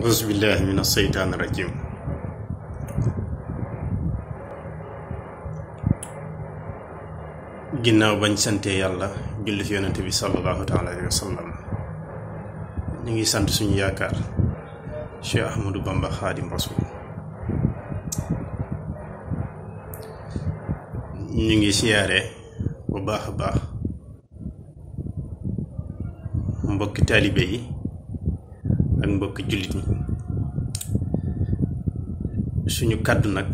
auzu billahi min aseytaani rajim ginnaaw bañ santee yàlla julli ci yonent bi sallallahu taala alayhi ñu ngi sant suñu yaakaar Cheikh Ahmadou Bamba Xaadim Rasul ñu ngi siyaare bu baax a baax mbokki taalibe yi ak mbokki jullit ñi suñu kàddu nag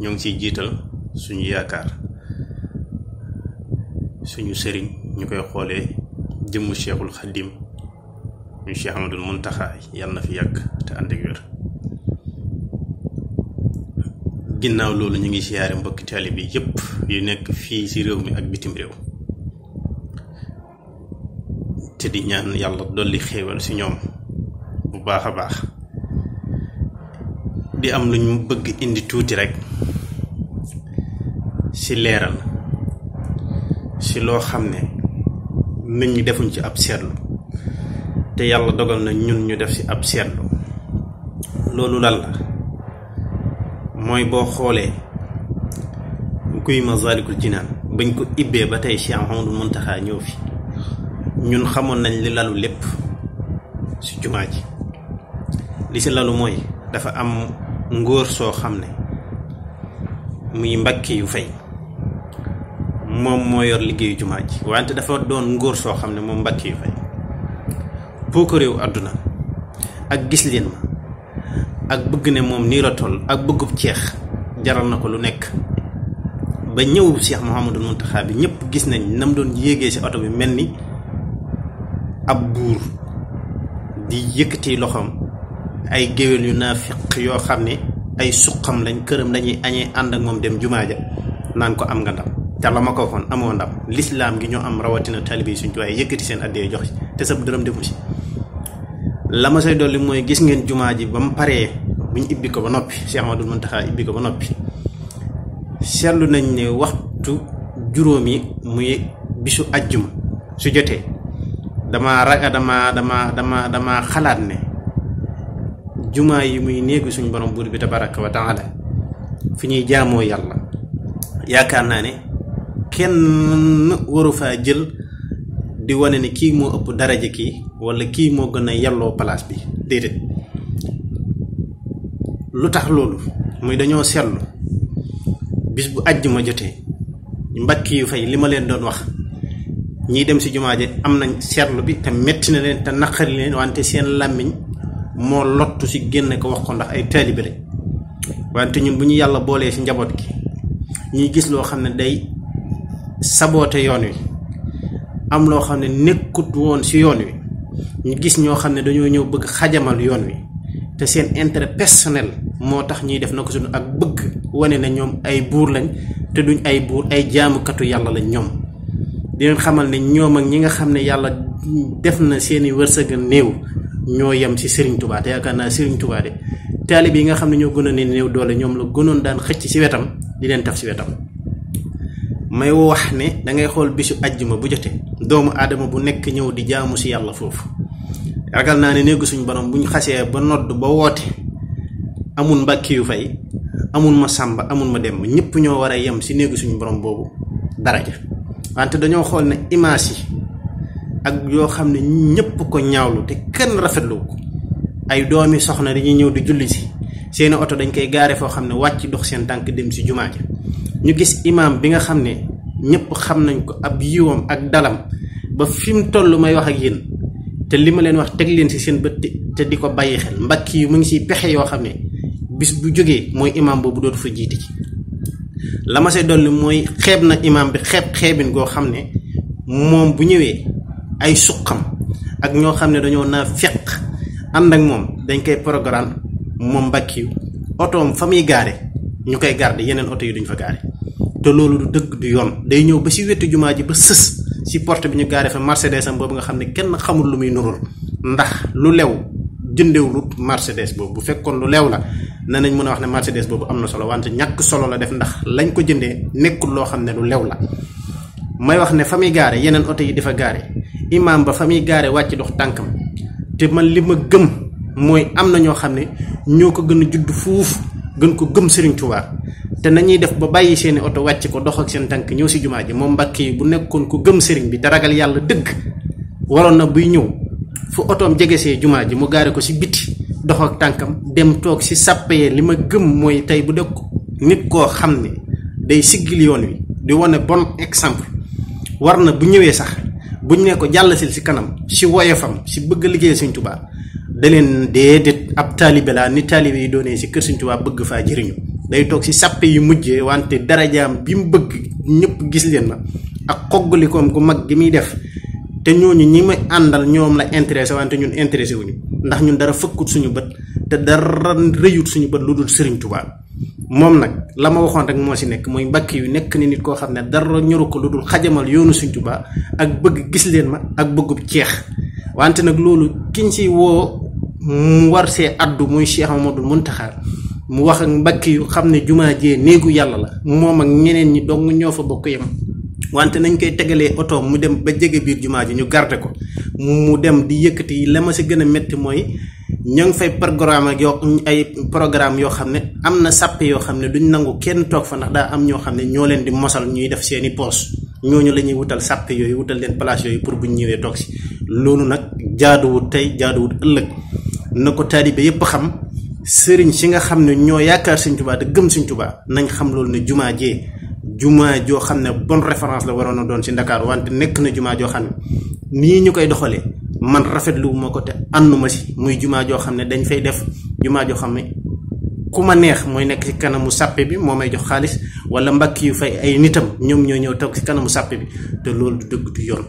ñoo ngi ciy jiital suñu yaakaar suñu sëriñ ñu koy xoolee jëmmu cheikhul xadim ñu cheikh amadul muntaxa yàlla na fi yàgg te ànd ginnaaw loolu ñu ngi siyaare mbokki taalibe bi yépp yu nekk fii ci réew mi ak bitim réew te di ñaan yàlla dolli xéewal ci ñoom bu baax a baax di am lañu bëgg indi tuuti rekk si leeral si loo xam ne nit ñi defuñ ci ab seetlu te yàlla dogal na ñun ñu def ci ab seetlu loolu lan la mooy boo xoolee guy Masaalikul Jinaan bañ ko ibbee ba tey Cheikh Mouhamadou Mountakha ñëw fi ñun xamoon nañ li lalu lépp ci jumaa ji li si lalu mooy dafa am ngóor soo xam ne muy mbakki yu fay moom moo yor liggéeyu jumaa ji wante dafa doon ngóor soo xam ne moom mbakki yu fay boo ko réew àdduna ak gis leen ma ak bëgg ne moom nii la toll ak bëggub ceex jaral na ko lu nekk ba ñëw Cheikh Mouhamadou Mountakha bi ñëpp gis nañ nam doon yéegee si oto bi mel ni ab buur di yëkkati loxoom ay géwél yu naafiq yoo xam ne ay suqam lañ këram lañuy añee ànd ak moom dem jumaa ja naan ko am nga ndam te la ma ko waxoon amoo ndam lislaam gi ñoo am rawatina talibi suñ ci waaye yëkkati seen addee jox ci te sab dërëm defu si la ma say dolli mooy gis ngeen jumaa ji ba mu paree bu ñu ibbi ko ba noppi Cheikh Amadou Mountakha ibbi ko ba noppi seetlu nañ ne waxtu juróom yi muy bisu ajjuma su jotee dama raga dama dama dama xalaat ne juma yi muy neegu suñu borom buur bi tabaraka wa taala fi ñuy jaamoo yàlla ya yaakaar naa ne kenn waru faa jël di wane ne kii moo ëpp daraja kii wala kii moo gën a place bi déedéet lu tax loolu muy dañoo seetlu bis bu ma jotee mbakk yu fay li ma leen doon wax dem si jumaa je am nañ seetlu bi te metti na leen te naqari leen wante seen làmmiñ moo lottu si génne ko wax ko ndax ay taalibe lañ wante ñun bu ñu yàlla boolee si njaboot gi ñuy gis loo xam ne day saboote yoon wi am loo xam ne nekkut woon si yoon wi ñu gis ñoo xam ne dañoo ñëw bëgg xajamal yoon wi te seen intérêt personnel moo tax ñuy def na ko suñu ak bëgg wane na ñoom ay buur lañ te duñ ay buur ay jaamukatu yàlla lañ ñoom di leen xamal ne ñoom ak ñi nga xam ne yàlla def na seeni wërsëg néew ñoo yam ci serigne touba te yaakaar naa serigne touba de taalib yi nga xam ne ñoo gënoon ne néew doole ñoom la gënoon daan xëcc ci wetam di leen taf ci wetam may wax ne da ngay xool bisu àjjuma bu jote doomu aadama bu nekk ñëw di jaamu si yàlla foofu ragal naa ne néegu suñu borom buñ xasee ba nodd ba woote amul mbàkki yu fay amul ma samba amul ma dem ñëpp ñoo war a yem si néegu suñ borom boobu daraja wante dañoo xool ne image ak yoo xam ne ñëpp ko ñaawlu te kenn rafetlu ko ay doomi soxna dañuy ñëw di julli si seen oto dañ koy gaare foo xam ne wàcc dox seen tànk dem si ñu gis imam bi nga xam ne ñëpp xam nañ ko ab yiwam ak dalam ba fi mu toll may wax ak yéen te li ma leen wax teg leen si seen bët te di ko bàyyi xel mbakki yu mu ngi siy pexe yoo xam bis bu jógee mooy imam boobu dootu fa jiite ci la ma say dolli mooy imam bi xeeb xeebin goo xam ne bu ñëwee ay sukkam ak ñoo xam ne dañoo naa feq ànd ak moom dañ koy programme moom mbakkiw otoom fa muy gaare ñu koy garde yeneen oto yi duñ fa gaare te loolu du dëgg du yoon day ñëw ba si wetu jumaa ji ba sës si porte bi ñu gaare fa mercedes am boobu nga xam ne kenn xamul lu muy nurul ndax lu lew jëndewulut mercedes boobu bu fekkoon lu lew la nañ mën a wax ne mercedes boobu am na solo wante ñàkk solo la def ndax lañ ko jëndee nekkul loo xam ne lu lew la may wax ne fa muy gaare yeneen oto yi difa imam ba famuy garé wacc dox tankam té man lima gëm moy amna ño xamné xam ne ko gën judd fuuf gën ko gëm serigne touba té nañuy def ba bayyi seeni auto wacc ko dox ak seen tank ñëw ci jumaa ji moom bu nekkon ko gëm serigne bi te ragal yalla dëgg waron na buy ñew fu otoom jegesee jumaa ji mu garé ko si biti dox ak tankam dem tok si sàppee ya. lima gëm moy tay bu dekk nit ko xamné day wi di bon exemple warna bu ñëwee sax buñ ne ko jàllasil si kanam si woyefam si bëgg liggéey sëñ tubaa da leen déedéet ab taalibe laa ni taalibe yi doonee si kër sëñ tubaa bëgg faa jëriñu day toog si sàppe yu mujjee wante darajaam bi mu bëgg ñëpp gis leen na ak xoggalikoom gu mag gi muy def te ñooñu ñi may àndal ñoom la intéressé wante ñun intéressé wuñu ndax ñun dara fëkkut suñu bët te dara reyut suñu bët lu dul sëriñ mom nak lama waxon rek mo ci nek moy mbàkk yu nek ni nit ko xamne ne dara ko luddul xajamal yoonu suñ tubaa ak bëgg gis leen ma ak bëggu ciex wante nak lolu kiñ ci wo mu war see addu moy cheikh amadou muntaha mu wax ak mbàkk yu xamne juma je neegu yalla la mom ak ñeneen ñi dong ñoo fa bokk yam wante nañ koy tegalee auto mu dem ba jégué biir juma ji ñu garder ko mu dem di yëkëti lama ci gëna metti moy ñoo ngi fay programme yoo ay programme yoo xam ne am na sàppe yoo xam ne duñ nangu kenn toog fa ndax daa am ñoo xam ne ñoo leen di mosal ñuy def seeni poos ñooñu la ñuy wutal sàppe yooyu wutal leen place yooyu pour buñ ñëwee toog si loolu nag jaaduwut tey jaaduwut ëllëg na ko taalibe yépp xam sëriñ si nga xam ne ñoo yaakaar suñ tubaat te gëm suñ Tuubaa nañ xam loolu ne jumaa jee jumaa joo xam ne bonne référence la waroon a doon si Ndakaar wante nekk na jumaa joo xam ne nii ñu koy doxalee man rafetlu ma ko te ànduma ci muy juma jo xamne dañ fay def juma jo xamne kuma neex moy nek ci kanamu sappe bi momay nyom jox xaalis wala mbakk yu fay ay nitam ñom ñoo ñew tok ci kanamu sappe bi te lool du deug du yoon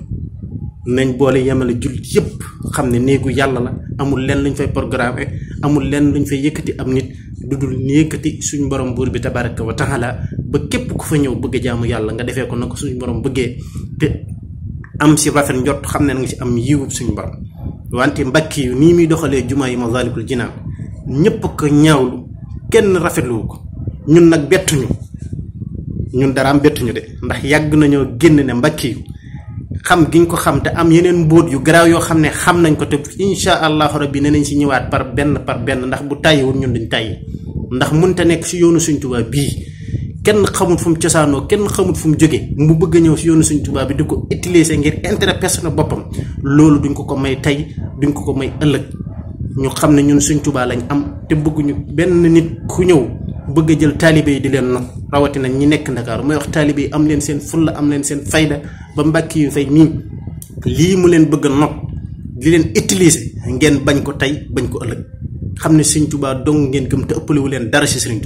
nañ boole yamale jul yep xamne neegu yalla la amul len luñ fay programmer amul len luñ fay yëkëti am nit dudul neekati suñ borom bur bi tabaraka wa taala ba kep ku fa ñew bëgg jaamu yalla nga ko borom bëgge te am ci rafet njot xamne nga ci am yiwu suñu borom wanti mbakki yu mi doxale juma yi mazalikul jinan ñepp ko ñaawlu kenn lu ko ñun nag bettuñu ñun dara am bettuñu de ndax yag nañu genn ne mbakki yu xam giñ ko xam te am yeneen mbóot yu graw yo xamne ne xam nañ ko te insha allah rabbi nenañ ci ñewat par ben par ben ndax bu tayewul ñun duñ tayi ndax ta nek si yoonu suñ tuba bi kenn xamul fu cosaanoo kenn xamul fu mu jógee mu bëgg a ñëw si yoonu suñ tubaab bi di ko utiliser ngir intérêt personnel boppam loolu duñ ko ko may tey duñ ko ko may ëllëg ñu xam ne ñun suñ tubaab lañ am te bëgguñu benn nit ku ñëw bëgg a jël taalibe yi di leen nag rawatina ñi nekk Ndakaaru mooy wax taalibe yi am leen seen fulla am leen seen fayda ba mbàkki yu fay mii lii mu leen bëgg a not di leen utiliser ngeen bañ ko tey bañ ko ëllëg xam ne suñ tubaab dong ngeen gëm te ëppalewu leen dara si suñ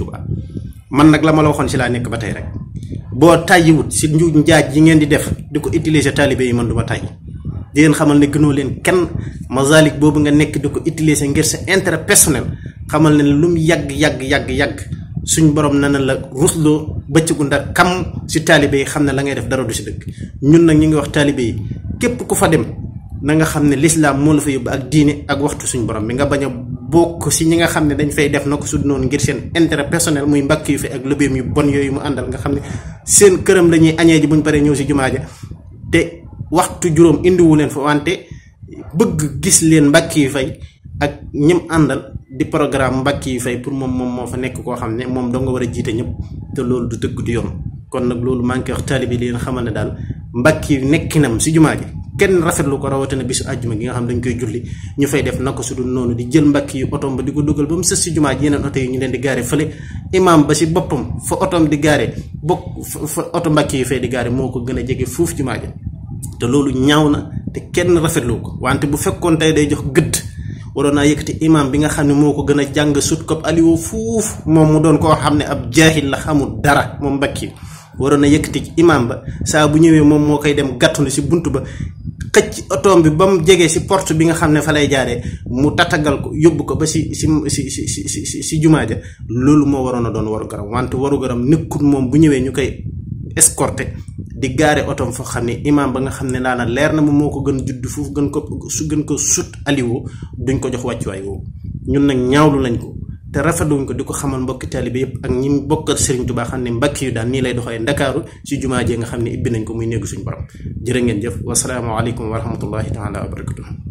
man nak la ma la waxon ci la nek ba rek tayi wut si nju njaaj yi ngeen di def Duku utiliser talibé yi man du ma tàyyi di ngeen xamal ne gënoo leen kenn mazalik bobu nga nek diko utiliser ngir sa intérêt personnel xamal ne lu mu yag yag yag yàgg suñ borom nana la ndak kam si talibé yi xam la ngay def dara du ci dëkk ñun nak ñi ngi wax talibé yi képp ku fa dem na nga xamne ne mo la fa yob ak diiné ak waxtu suñ borom mi nga baña bok ci ñi nga xamne dañ fay def na ko sud noonu ngir seen intérêt personnel muy mbakk yu fi ak lebeem yu bon yooyu mu andal nga xamne seen kërëm lañuy ñuy ji buñu paré ñëw si jumaaje té te juroom indi wu leen fa wante bëgg gis leen mbakk yu fay ak ñim andal di programme mbakk yu fay pour mom mom mo fa nekk ko xamne mom do nga wara jité ñëpp loolu du dëgg du yoon kon nak loolu manqué wax talibi li nga xamne dal mbakk nekkinam si jumaaje rafet lu ko rawatene bisu aljuma gi nga xam dañ koy julli ñu fay def nako su nonu di jël mbak yu otom ba diko duggal bam ba juma ji yenen auto yi ñu leen di garé fele imam ba ci bopam fa otom di garé bok fa auto mbak yi fay di garé moko gëna jégué fuf juma ji te lolu ñaawna na ken rafet lu, ko wante bu fekkon tay day jox gëdd warona yëkëti imam bi nga xamni moko gëna ko gën kop ali wo fuf mom mu doon ko xam ab jahil la xamu dara mom mbak yi warona na imam ba sa bu ñëwé mom mo koy dem gattu si buntu. ba xëcc otoom bi ba mu jegee si porte bi nga xam ne fa lay jaaree mu tatagal ko yóbbu ko ba si si si si si si si jumaa ja loolu moo waroon a doon waru garam wante waru garam nekkul moom bu ñëwee ñu koy escorté di gaare otoom foo xam ne imaam ba nga xam ne daana leer na mu moo ko gën judd foofu gën ko su gën ko sut aliwo duñ ko jox wàccuwaay woowu ñun nag ñaawlu lañ ko te rafetluñ ko di ko xamal mbokki taalibe yëpp ak ñi bokkal Serigne Touba xam ne mbakki yu daan nii lay doxee ndakaaru ci jumaa jee nga xam ne ibbi nañ ko muy néegu suñu borom jërë ngeen jëf wasalaamaaleykum wa rahmatullahi taala wa barakatuh